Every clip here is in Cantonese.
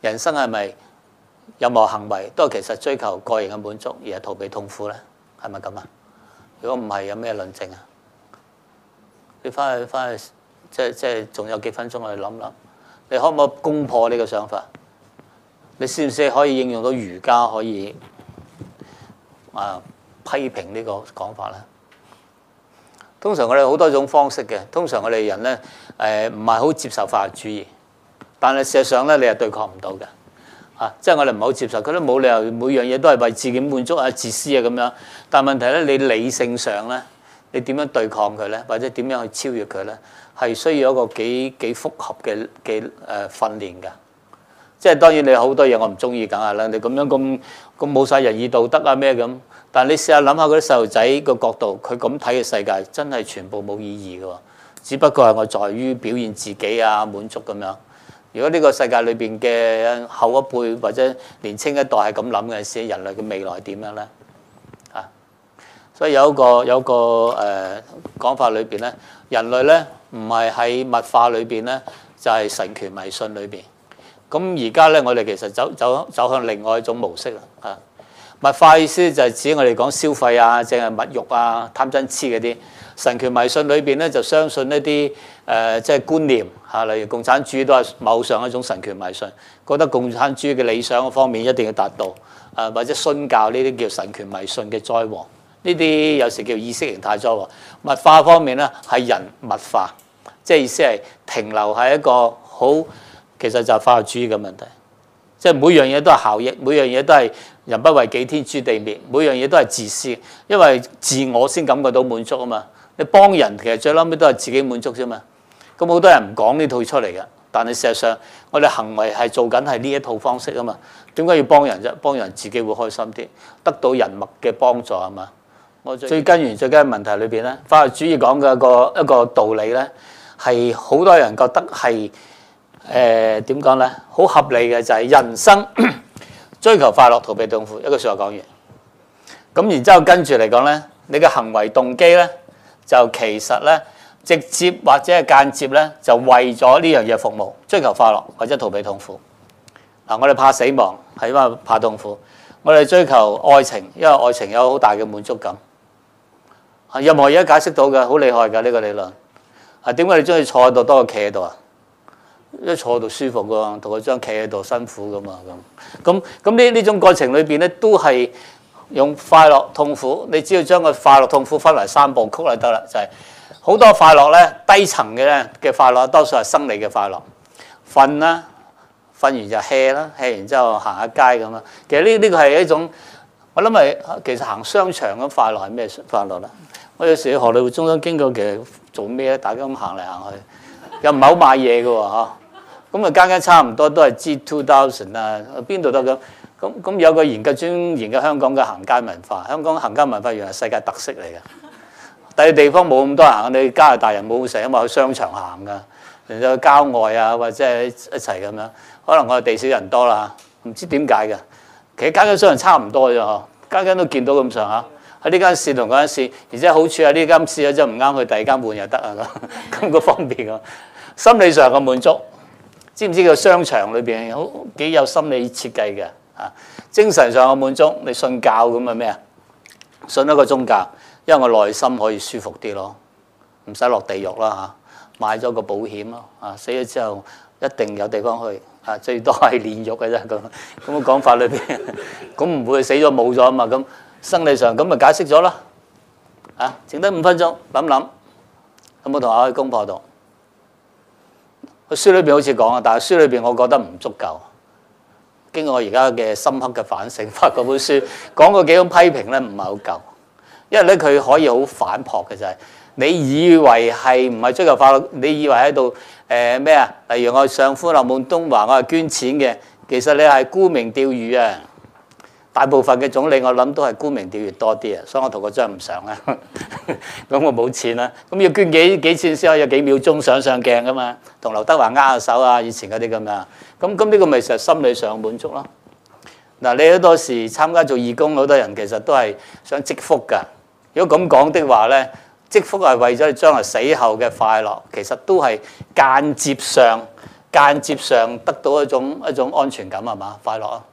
人生係咪任何行為都係其實追求個人嘅滿足而係逃避痛苦呢？係咪咁啊？如果唔係，有咩論證啊？你翻去翻去，即係即係，仲有幾分鐘去諗諗，你可唔可以攻破呢個想法？你試唔試可以應用到儒家可以？啊！批評呢個講法咧，通常我哋好多種方式嘅。通常我哋人咧，誒唔係好接受快樂主義，但係事實上咧，你係對抗唔到嘅。啊，即係我哋唔係好接受，佢都冇理由每樣嘢都係為自己滿足啊、自私啊咁樣。但係問題咧，你理性上咧，你點樣對抗佢咧，或者點樣去超越佢咧，係需要一個幾幾複合嘅嘅誒訓練㗎。即係當然，你好多嘢我唔中意，梗係啦。你咁樣咁咁冇曬仁義道德啊咩咁。但係你試下諗下嗰啲細路仔個角度，佢咁睇嘅世界真係全部冇意義㗎。只不過係我在於表現自己啊，滿足咁樣。如果呢個世界裏邊嘅後一輩或者年青一代係咁諗嘅時，人類嘅未來點樣呢？啊，所以有一個有一個誒講法裏邊咧，人類咧唔係喺物化裏邊咧，就係神權迷信裏邊。咁而家咧，我哋其實走走走向另外一種模式啦，嚇、啊、物化意思就係指我哋講消費啊，淨係物欲啊、貪嗔痴嗰啲神權迷信裏邊咧，就相信一啲誒即係觀念嚇、啊，例如共產主義都係某上一種神權迷信，覺得共產主義嘅理想方面一定要達到，誒、啊、或者信教呢啲叫神權迷信嘅災禍，呢啲有時叫意識型態災禍。物化方面咧，係人物化，即係意思係停留喺一個好。其實就係快樂主義嘅問題，即係每樣嘢都係效益，每樣嘢都係人不為己，天誅地滅，每樣嘢都係自私，因為自我先感覺到滿足啊嘛。你幫人其實最嬲尾都係自己滿足啫嘛。咁好多人唔講呢套出嚟嘅，但係事實上我哋行為係做緊係呢一套方式啊嘛。點解要幫人啫？幫人自己會開心啲，得到人脈嘅幫助啊嘛。我最，最根源最緊問題裏邊咧，快樂主義講嘅一個一個道理咧，係好多人覺得係。誒點講咧？好、呃、合理嘅就係人生 追求快樂，逃避痛苦。一句説話講完，咁然之後跟住嚟講咧，你嘅行為動機咧，就其實咧直接或者係間接咧，就為咗呢樣嘢服務，追求快樂或者逃避痛苦。嗱，我哋怕死亡係因為怕痛苦，我哋追求愛情，因為愛情有好大嘅滿足感。啊，任何嘢解釋到嘅，好厲害嘅呢個理論。啊，點解你中意坐喺度多過企喺度啊？一坐到舒服嘅喎，同佢張企喺度辛苦嘅嘛咁，咁咁呢呢種過程裏邊咧，都係用快樂痛苦。你只要將個快樂痛苦分嚟三部曲就得啦，就係、是、好多快樂咧，低層嘅咧嘅快樂，多數係生理嘅快樂，瞓啦，瞓完就 hea 啦 hea 完之後行下街咁啊。其實呢呢個係一種，我諗係其實行商場嘅快樂係咩快樂咧？我有時喺何利會中心經過，其實做咩咧？大家咁行嚟行去，又唔係好買嘢嘅喎嚇咁啊，間間差唔多都係 G2000 啊，邊度得？咁咁咁有個研究專研究香港嘅行街文化。香港行街文化原嚟世界特色嚟嘅，第二地方冇咁多人行。你加拿大人冇成日咁去商場行㗎，成日郊外啊，或者一齊咁樣。可能我哋地少人多啦，唔知點解嘅。其實間間商場差唔多啫呵，間間都見到咁上下喺呢間市同嗰間市，而且好處係呢間市咧，即係唔啱去第二間換又得啊，咁 個方便啊，心理上嘅滿足。知唔知個商場裏邊好幾有心理設計嘅啊？精神上我滿足，你信教咁啊咩啊？信咗個宗教，因為我內心可以舒服啲咯，唔使落地獄啦嚇。買咗個保險咯啊，死咗之後一定有地方去啊，最多係煉獄嘅啫咁。咁嘅講法裏邊，咁唔會死咗冇咗啊嘛？咁生理上咁咪解釋咗啦。啊，剩低五分鐘，諗諗？有冇同阿去公婆度。佢書裏面好似講啊，但係書裏面我覺得唔足夠。經過我而家嘅深刻嘅反省，發覺本書講個幾種批評咧，唔係好夠。因為咧佢可以好反駁嘅就係、是，你以為係唔係追求法律？你以為喺度誒咩啊？例如我上富臨門東華，我係捐錢嘅，其實你係沽名釣譽啊！大部分嘅總理我諗都係沽名釣譽多啲啊，所以我同佢爭唔上啦。咁 我冇錢啦，咁要捐幾幾錢先可以有幾秒鐘上上鏡㗎嘛？同劉德華握手啊，以前嗰啲咁樣。咁咁呢個咪實心理上滿足咯。嗱，你好多時參加做義工好多人其實都係想積福㗎。如果咁講的話咧，積福係為咗你將來死後嘅快樂，其實都係間接上間接上得到一種一種安全感係嘛？快樂啊！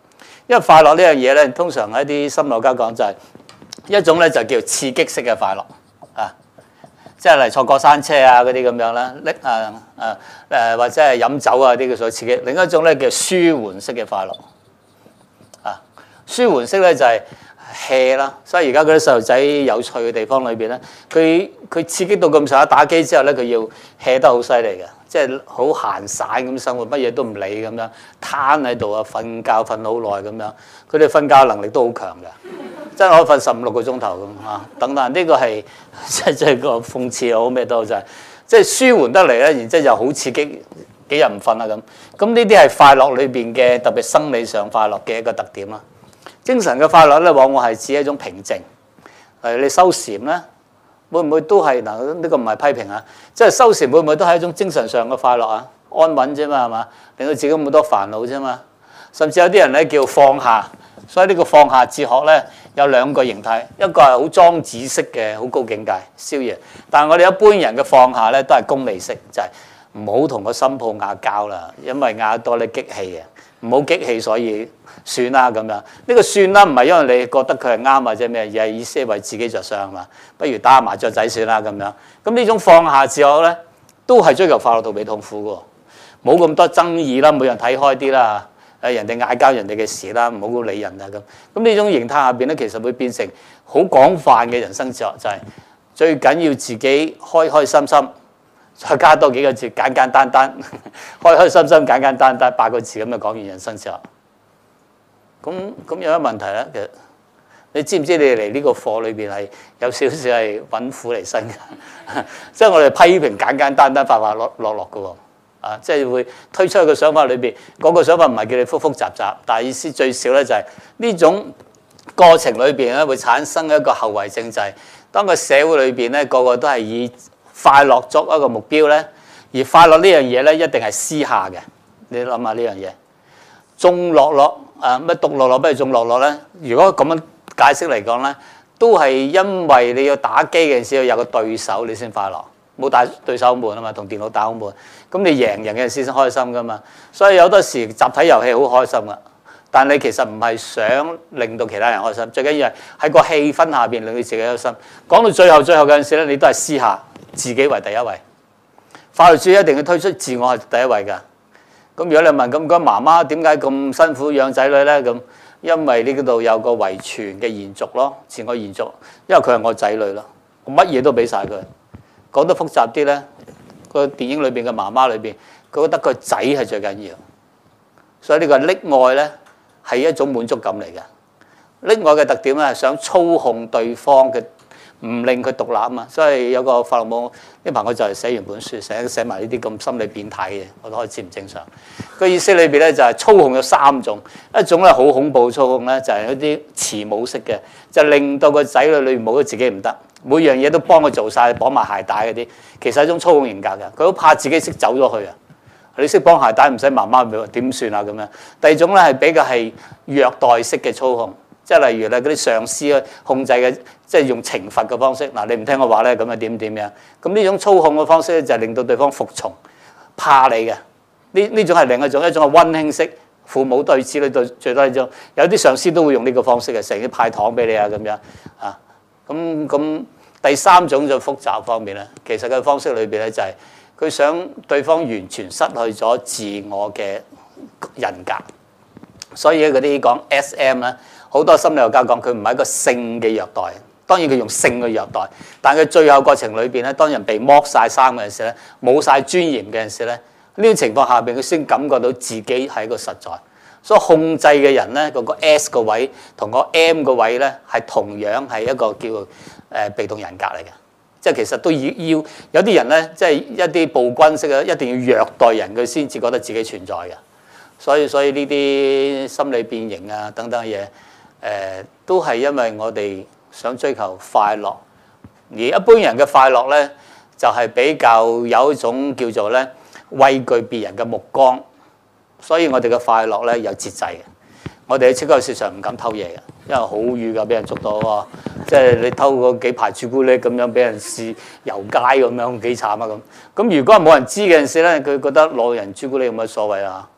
因為快樂呢樣嘢咧，通常喺啲心理家講就係一種咧就叫刺激式嘅快樂啊，即係嚟坐過山車啊嗰啲咁樣啦，搦啊啊誒或者係飲酒啊啲叫做刺激；另一種咧叫舒緩式嘅快樂啊，舒緩式咧就係 hea 啦。所以而家嗰啲細路仔有趣嘅地方裏邊咧，佢佢刺激到咁上下打機之後咧，佢要 hea 得好犀利嘅。即係好閒散咁生活，乜嘢都唔理咁樣，攤喺度啊，瞓覺瞓好耐咁樣。佢哋瞓覺能力都好強嘅，真可以瞓十五六個鐘頭咁吓。等等，呢個係真真係個諷刺好咩都好就係，即係舒緩得嚟咧，然之後又好刺激，幾日唔瞓啊咁。咁呢啲係快樂裏邊嘅特別生理上快樂嘅一個特點啦。精神嘅快樂咧，往往係指一種平靜，係你收斂啦。會唔會都係嗱？呢個唔係批評啊！即係修禪會唔會都係一種精神上嘅快樂啊？安穩啫嘛，係嘛？令到自己冇多煩惱啫嘛。甚至有啲人咧叫放下，所以呢個放下哲學咧有兩個形態，一個係好莊子式嘅，好高境界，逍遙。但係我哋一般人嘅放下咧都係功利式，就係唔好同個心抱嗌交啦，因為嗌多你激氣嘅。唔好激氣，所以算啦咁樣。呢個算啦，唔係因為你覺得佢係啱啊，即係咩，而係意思係為自己着想啊嘛。不如打下麻雀仔算啦咁樣。咁呢種放下自我咧，都係追求快樂，逃避痛苦嘅。冇咁多爭議啦，每人睇開啲啦。誒，人哋嗌交人哋嘅事啦，唔好理人啊咁。咁呢種形態下邊咧，其實會變成好廣泛嘅人生哲學，就係最緊要自己開開心心。再加多幾個字，簡簡單單， 開開心心，簡簡單單，八個字咁就講完人生之後。咁咁有咩問題呢？其實你知唔知你嚟呢個課裏邊係有少少係揾苦嚟生嘅？ 即係我哋批評簡簡單單、快快樂樂樂嘅喎，啊。即係會推出去個想法裏邊，嗰個想法唔係、那個、叫你複複雜雜，但係意思最少呢就係呢種過程裏邊咧會產生一個後遺症制，就係當個社會裏邊呢，個個都係以，快樂作一個目標呢，而快樂呢樣嘢呢，一定係私下嘅。你諗下呢樣嘢，眾樂樂啊乜獨樂樂，不如眾樂樂呢？如果咁樣解釋嚟講呢，都係因為你要打機嘅陣時有個對手你，你先快樂。冇打對手悶啊嘛，同電腦打好悶。咁你贏人嘅陣時先開心噶嘛。所以有好多時集體遊戲好開心啊，但你其實唔係想令到其他人開心，最緊要係喺個氣氛下邊令你自己開心。講到最後，最後嘅陣時咧，你都係私下。自己為第一位，法律書一定要推出自我係第一位㗎。咁如果你問咁，嗰、那個、媽媽點解咁辛苦養仔女呢？咁因為呢度有個遺傳嘅延續咯，自我延續，因為佢係我仔女咯，我乜嘢都俾晒佢。講得複雜啲呢，個電影裏邊嘅媽媽裏邊，佢覺得個仔係最緊要，所以呢個溺愛呢，係一種滿足感嚟嘅。溺愛嘅特點咧係想操控對方嘅。唔令佢獨立啊嘛，所以有個法律冇。啲朋友就係寫完本書，寫寫埋呢啲咁心理變態嘅，我覺得始唔正常。個意思裏邊咧就係操控有三種，一種咧好恐怖操控咧就係一啲慈母式嘅，就是就是、令到個仔女女冇得自己唔得，每樣嘢都幫佢做晒，綁埋鞋帶嗰啲，其實係一種操控嚴格嘅，佢好怕自己識走咗去啊！你識綁鞋帶唔使媽媽點算啊咁樣。第二種咧係比較係虐待式嘅操控。即係例如咧，嗰啲上司咧控制嘅，即係用懲罰嘅方式。嗱，你唔聽我話咧，咁啊點點樣，咁呢種操控嘅方式咧，就令到對方服從，怕你嘅。呢呢種係另一種，一種係温馨式。父母對子女對最多呢種，有啲上司都會用呢個方式嘅，成日派糖俾你啊，咁樣啊。咁咁第三種就複雜方面咧，其實嘅方式裏邊咧就係佢想對方完全失去咗自我嘅人格，所以咧嗰啲講 SM 咧。好多心理學家講，佢唔係一個性嘅虐待，當然佢用性嘅虐待，但係佢最後過程裏邊咧，當人被剝晒衫嘅時咧，冇晒尊嚴嘅時咧，呢種情況下邊佢先感覺到自己係一個實在，所以控制嘅人咧，嗰個 S 個位同個 M 個位咧，係同樣係一個叫誒被動人格嚟嘅，即係其實都要要有啲人咧，即係一啲暴君式啊，一定要虐待人佢先至覺得自己存在嘅，所以所以呢啲心理變形啊等等嘅嘢。誒都係因為我哋想追求快樂，而一般人嘅快樂呢，就係比較有一種叫做呢，畏懼別人嘅目光，所以我哋嘅快樂呢，有節制嘅。我哋喺超級市場唔敢偷嘢嘅，因為好預㗎，俾人捉到啊。即係你偷嗰幾排朱古力咁樣俾人試遊街咁樣幾慘啊！咁咁如果係冇人知嘅陣時呢，佢覺得攞人朱古力有乜所謂啊？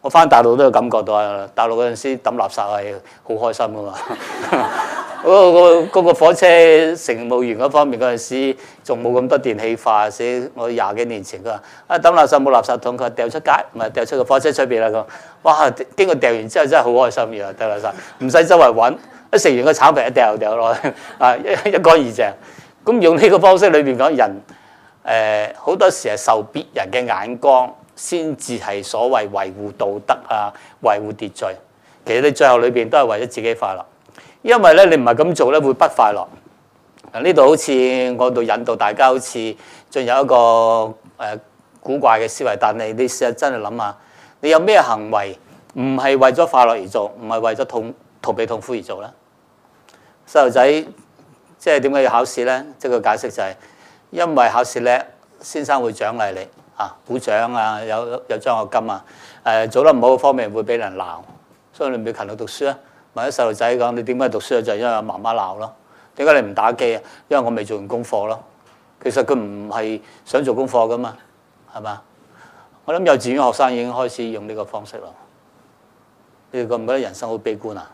我返大陸都有感覺到啊！大陸嗰陣時抌垃圾係好開心㗎嘛！嗰個火車乘務員嗰方面嗰陣時仲冇咁多電氣化，寫我廿幾年前佢話啊抌垃圾冇垃圾桶，佢話掉出街，唔係掉出個火車出邊啦咁。哇！經過掉完之後真係好開心嘅啦，抌垃圾唔使周圍揾，一食完個炒皮一掉掉落去啊， 一乾二淨。咁用呢個方式裏面講人，誒、呃、好多時係受別人嘅眼光。先至係所謂維護道德啊，維護秩序。其實你最後裏邊都係為咗自己快樂，因為咧你唔係咁做咧會不快樂。嗱，呢度好似我度引導大家好似進入一個誒、呃、古怪嘅思維，但係你試下真係諗下，你有咩行為唔係為咗快樂而做，唔係為咗逃逃避痛苦而做啦？細路仔即係點解要考試咧？即係個解釋就係因為考試叻，先生會獎勵你。啊，鼓掌啊，有有獎學金啊，誒、呃，做得唔好嘅方面會俾人鬧，所以你唔會勤力讀書啊。問啲細路仔講你點解讀書啊？就係、因為媽媽鬧咯、啊。點解你唔打機啊？因為我未做完功課咯、啊。其實佢唔係想做功課噶嘛，係嘛？我諗幼稚園學生已經開始用呢個方式咯。你覺唔覺得人生好悲觀啊？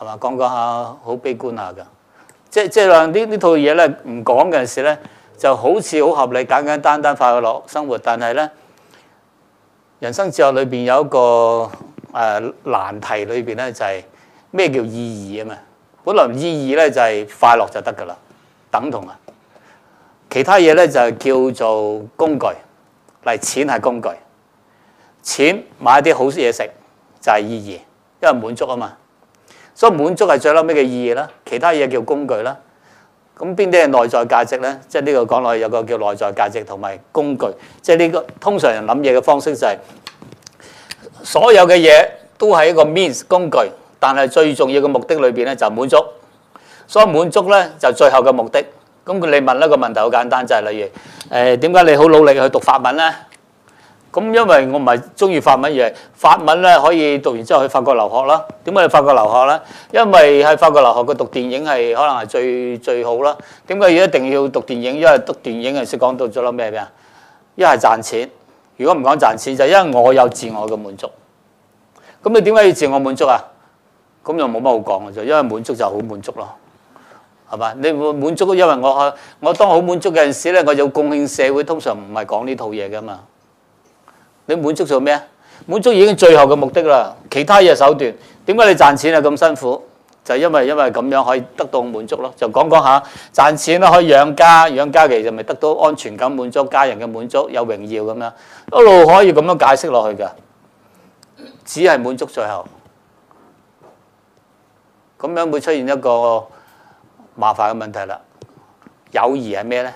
係嘛，講講下好悲觀啊！噶，即即係話呢呢套嘢咧，唔講嘅陣時咧。就好似好合理，簡簡單單快樂生活。但係咧，人生哲學裏邊有一個誒難題裏邊咧，就係咩叫意義啊嘛？本來意義咧就係快樂就得㗎啦，等同啊。其他嘢咧就係叫做工具，嚟錢係工具，錢買啲好嘢食就係意義，因為滿足啊嘛。所以滿足係最嬲尾嘅意義啦，其他嘢叫工具啦。咁邊啲係內在價值咧？即係呢個講落去有個叫內在價值同埋工具。即係呢個通常人諗嘢嘅方式就係所有嘅嘢都係一個 means 工具，但係最重要嘅目的裏邊咧就滿足。所以滿足咧就最後嘅目的。咁佢你問一個問題好簡單，就係例如誒點解你好努力去讀法文咧？咁因為我唔係鍾意法文嘅，而法文咧可以讀完之後去法國留學啦。點解去法國留學咧？因為喺法國留學，佢讀電影係可能係最最好啦。點解要一定要讀電影？因為讀電影嘅時講到咗啦咩咩？一係賺錢。如果唔講賺錢，就是、因為我有自我嘅滿足。咁你點解要自我滿足啊？咁又冇乜好講嘅啫，因為滿足就好滿足咯，係嘛？你會滿足，因為我我當好滿足嘅陣時咧，我就貢獻社會，通常唔係講呢套嘢嘅嘛。你滿足咗咩啊？滿足已經最後嘅目的啦，其他嘢手段。點解你賺錢係咁辛苦？就係因為因為咁樣可以得到滿足咯。就講講下賺錢啦，可以養家，養家其實咪得到安全感、滿足家人嘅滿足、有榮耀咁樣一路可以咁樣解釋落去㗎，只係滿足最後。咁樣會出現一個麻煩嘅問題啦。友誼係咩呢？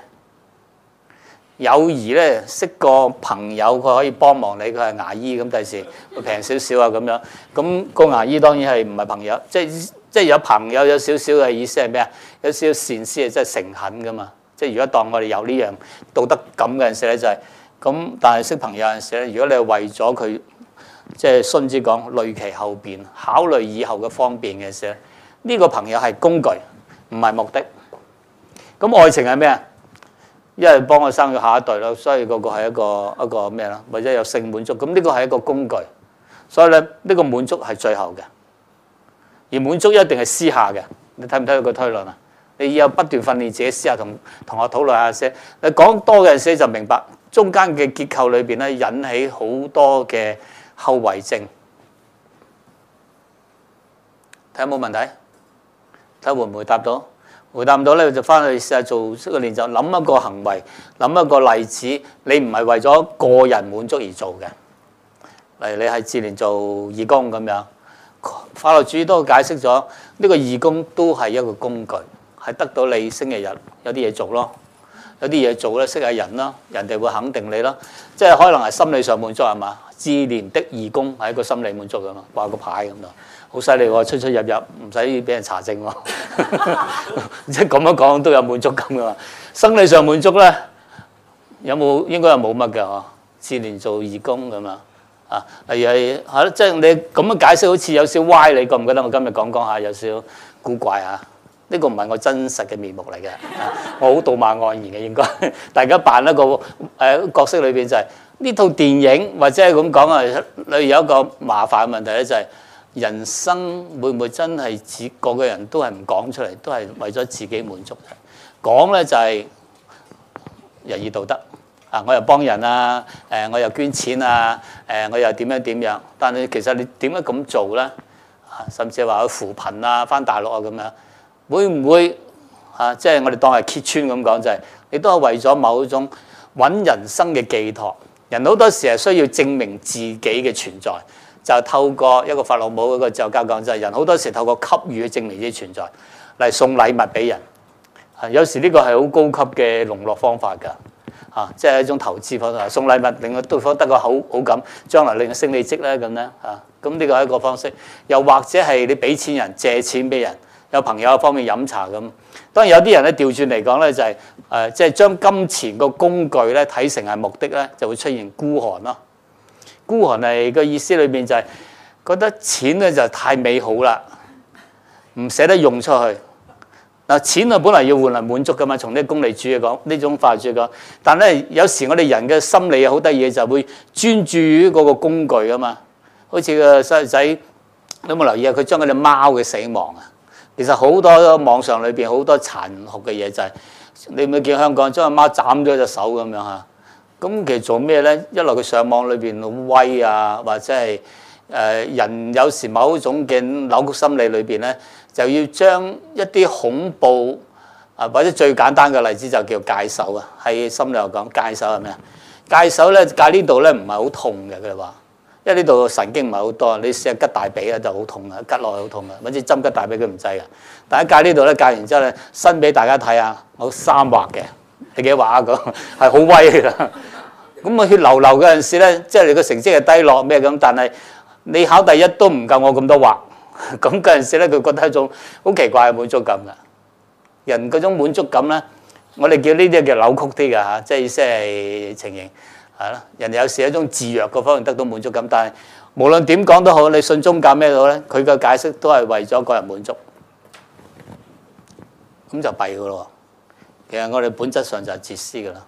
友誼咧，識個朋友，佢可以幫忙你，佢係牙醫，咁第時會平少少啊，咁樣。咁個牙醫當然係唔係朋友，即係即係有朋友有少少嘅意思係咩啊？有少少善思，啊，即係誠懇噶嘛。即係如果當我哋有呢樣道德感嘅陣時咧，就係咁。但係識朋友嘅陣時咧，如果你係為咗佢，即係孫子講累其後邊考慮以後嘅方便嘅時咧，呢個朋友係工具，唔係目的。咁愛情係咩啊？因為幫我生咗下一代咯，所以嗰個係一個一個咩啦，或者有性滿足，咁呢個係一個工具。所以咧，呢個滿足係最後嘅，而滿足一定係私下嘅。你睇唔睇到個推論啊？你要不斷訓練自己私下同同學討論下先。你講多嘅人先就明白，中間嘅結構裏邊咧引起好多嘅後遺症。睇有冇問題？睇下會唔會答到？回答唔到咧，就翻去試下做出個練習，諗一,一個行為，諗一個例子，你唔係為咗個人滿足而做嘅。例如你係自連做義工咁樣。快樂主義都解釋咗，呢、這個義工都係一個工具，係得到你星期日有啲嘢做咯，有啲嘢做咧，識下人啦，人哋會肯定你啦。即係可能係心理上滿足係嘛？自連的義工係一個心理滿足啊嘛，掛個牌咁咯。好犀利喎！出出入入唔使俾人查證喎，即係咁樣講都有滿足感㗎嘛。生理上滿足咧，有冇應該係冇乜嘅嗬？志願做義工咁啊啊，係係嚇，即係你咁樣解釋，好似有少歪，你覺唔覺得我說說、這個我？我今日講講下有少古怪啊。呢個唔係我真實嘅面目嚟嘅，我好道貌岸然嘅應該。 大家扮一個誒、呃、角色裏邊就係、是、呢套電影或者係咁講啊，裏有一個麻煩嘅問題咧、就是，就係。人生會唔會真係自己個個人都係唔講出嚟，都係為咗自己滿足？講咧就係仁義道德啊！我又幫人啊，誒我又捐錢啊，誒我又點樣點樣？但係其實你點樣咁做咧？甚至話去扶貧啊，翻大陸啊咁樣，會唔會啊？即係我哋當係揭穿咁講，就係你都係為咗某一種揾人生嘅寄託。人好多時係需要證明自己嘅存在。就透過一個法樂帽一個就教講，就係人好多時透過給予證明啲存在嚟送禮物俾人，有時呢個係好高級嘅籠絡方法㗎。啊，即係一種投資方法送禮物令到對方得個好好感，將來令佢升利職咧咁咧，啊，咁呢個係一個方式。又或者係你俾錢人借錢俾人，有朋友喺方面飲茶咁。當然有啲人咧調轉嚟講咧，就係誒即係將金錢個工具咧睇成係目的咧，就會出現孤寒咯。孤寒嚟嘅意思裏邊就係覺得錢咧就太美好啦，唔捨得用出去。嗱，錢啊本來要換嚟滿足噶嘛，從呢個功利主義講呢種法語講。但係咧有時我哋人嘅心理好得意，就是、會專注於嗰個工具噶嘛。好似個細路仔，你有冇留意啊？佢將嗰隻貓嘅死亡啊，其實好多網上裏邊好多殘酷嘅嘢就係、是、你唔冇見香港將阿貓斬咗隻手咁樣吓。咁其實做咩咧？一來佢上網裏邊好威啊，或者係誒人有時某一種嘅扭曲心理裏邊咧，就要將一啲恐怖啊，或者最簡單嘅例子就叫界手啊，喺心理學講界手係咩啊？界手咧界呢度咧唔係好痛嘅，佢話，因為呢度神經唔係好多，你試，試下吉大髀啊就好痛啊，吉落去好痛啊，或者針吉大髀佢唔制啊，但係界呢度咧戒完之後咧，伸俾大家睇下，我三劃嘅，你幾劃啊？個係好威㗎。咁我血流流嗰陣時咧，即係你個成績係低落咩咁？但係你考第一都唔夠我咁多劃。咁嗰陣時咧，佢覺得一種好奇怪嘅滿足感噶。人嗰種滿足感咧，我哋叫呢啲叫扭曲啲嘅嚇，即係意思係情形係咯。人有時有一種自虐嘅方面得到滿足感，但係無論點講都好，你信宗教咩都好咧，佢嘅解釋都係為咗個人滿足。咁就弊嘅咯。其實我哋本質上就係自私嘅啦。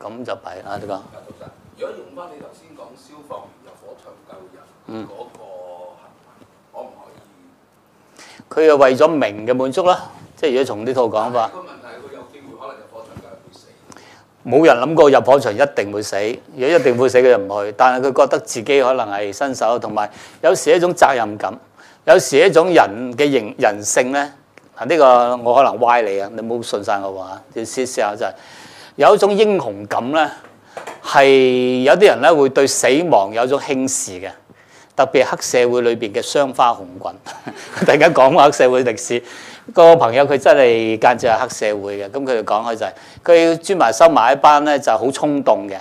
咁就弊啦呢個。如果用翻你頭先講消防員入火場救人嗰個行為，可唔可以？佢又為咗名嘅滿足啦，即係如果從呢套講法。個問題，佢有機會可能入火場救會死。冇人諗過入火場一定會死，如果一定會死，佢就唔去。但係佢覺得自己可能係新手，同埋有，有時有一種責任感，有時一種人嘅人人性咧。啊，呢個我可能歪你啊，你冇信晒我話，你試試下就係、是。有一種英雄感咧，係有啲人咧會對死亡有種輕視嘅，特別黑社會裏邊嘅雙花紅棍。 突然間講下黑社會歷史，個朋友佢真係間接係黑社會嘅，咁佢就講開就係佢專埋收埋一班咧，就好衝動嘅。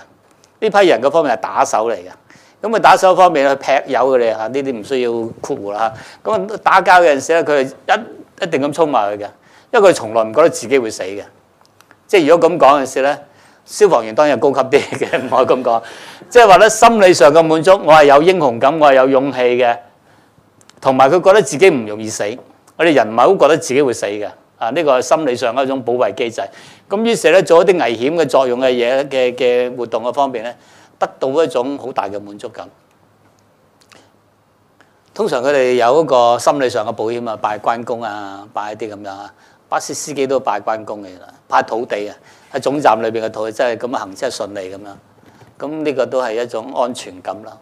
呢批人嗰方面係打手嚟嘅，咁佢打手方面咧劈友嘅咧嚇，呢啲唔需要括弧啦。咁啊打交嘅陣時咧，佢係一一定咁衝埋去嘅，因為佢從來唔覺得自己會死嘅。即係如果咁講嘅時咧，消防員當然係高級啲嘅，唔可以咁講。即係話咧，心理上嘅滿足，我係有英雄感，我係有勇氣嘅，同埋佢覺得自己唔容易死。我哋人唔係好覺得自己會死嘅。啊，呢個係心理上嘅一種保衞機制。咁於是咧，做一啲危險嘅作用嘅嘢嘅嘅活動嘅方面咧，得到一種好大嘅滿足感。通常佢哋有一個心理上嘅保險啊，拜關公啊，拜一啲咁樣。巴士司機都拜關公嘅啦，拜土地啊！喺總站裏邊嘅土地真係咁行車順利咁樣，樣，咁呢個都係一種安全感啦。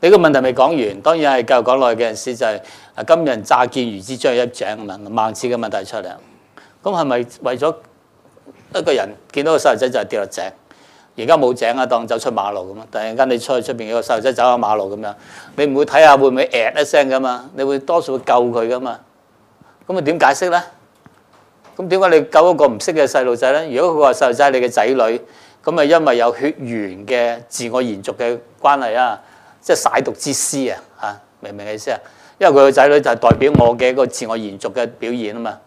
你個問題未講完，當然係繼續講落去嘅陣時就係、是、啊，今日乍見孺子將入井，萬次嘅問題出嚟。咁係咪為咗一個人見到個細路仔就係跌落井？而家冇井啊，當走出馬路咁啊！突然間你出去出邊，有個細路仔走下馬路咁樣，你唔會睇下會唔會 a 一聲噶嘛？你會多數會救佢噶嘛？咁啊點解釋呢？咁點解你救一個唔識嘅細路仔呢？如果佢話細路仔係你嘅仔女，咁啊因為有血緣嘅自我延續嘅關係啊，即係舐犢之思啊，嚇明唔明意思啊？因為佢嘅仔女就係代表我嘅一個自我延續嘅表現啊嘛。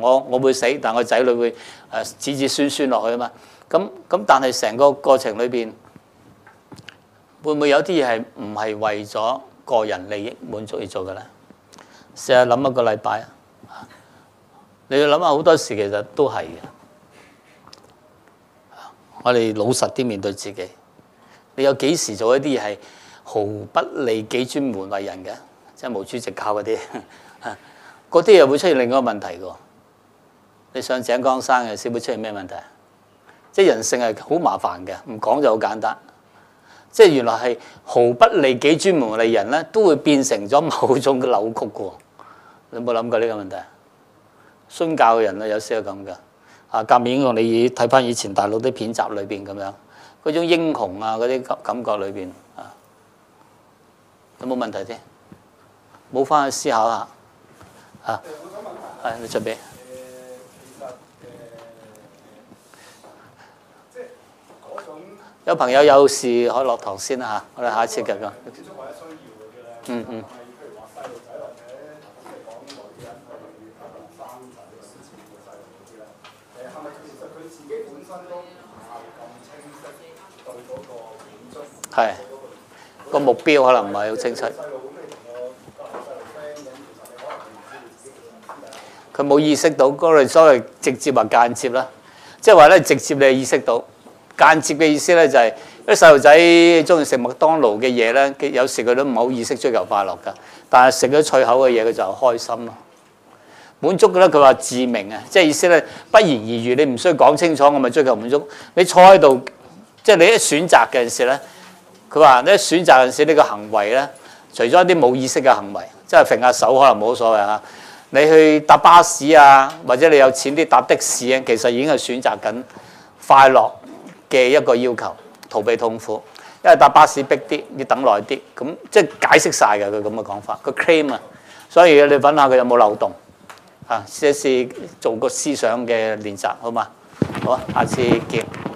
我我會死，但係我仔女會誒子子孫孫落去啊嘛。咁咁但係成個過程裏邊，會唔會有啲嘢係唔係為咗個人利益滿足而做嘅呢？試下諗一個禮拜啊！你要諗下，好多時其實都係嘅。我哋老實啲面對自己，你有幾時做一啲嘢係毫不利己、專門為人嘅？即係毛主席教嗰啲，嗰啲又會出現另一個問題嘅。你上井岡山嘅，先會出現咩問題？即係人性係好麻煩嘅，唔講就好簡單。即係原來係毫不利己，己、專門為人咧，都會變成咗某種嘅扭曲嘅。你有冇諗過呢個問題？宣教嘅人啊，有少少咁噶，啊，革命我哋睇翻以前大陸啲片集裏邊咁樣，嗰種英雄啊，嗰啲感感覺裏邊，啊，有冇問題啫？冇翻去思考下，嗯、啊，係你準備。呃呃、有朋友有事可以落堂先啦嚇、啊，我哋下一次繼續、嗯。嗯嗯。目標可能唔係好清晰，佢冇意識到嗰類所，所謂直接或間接啦，即係話咧直接你意識到，間接嘅意思咧就係啲細路仔鍾意食麥當勞嘅嘢咧，有時佢都唔好意識追求快樂㗎，但係食咗脆口嘅嘢佢就開心咯，滿足嘅咧佢話自明啊，即係意思咧不言而喻，你唔需要講清楚，我咪追求滿足。你坐喺度，即係你一選擇嘅時咧。佢話你選擇陣時呢個行為咧，除咗一啲冇意識嘅行為，即係揈下手可能冇所謂嚇。你去搭巴士啊，或者你有錢啲搭的士啊，其實已經係選擇緊快樂嘅一個要求，逃避痛苦。因為搭巴士逼啲，要等耐啲，咁即係解釋晒嘅佢咁嘅講法，佢 claim 啊。所以你揾下佢有冇漏洞嚇，試一試做個思想嘅練習好嗎？好，下次見。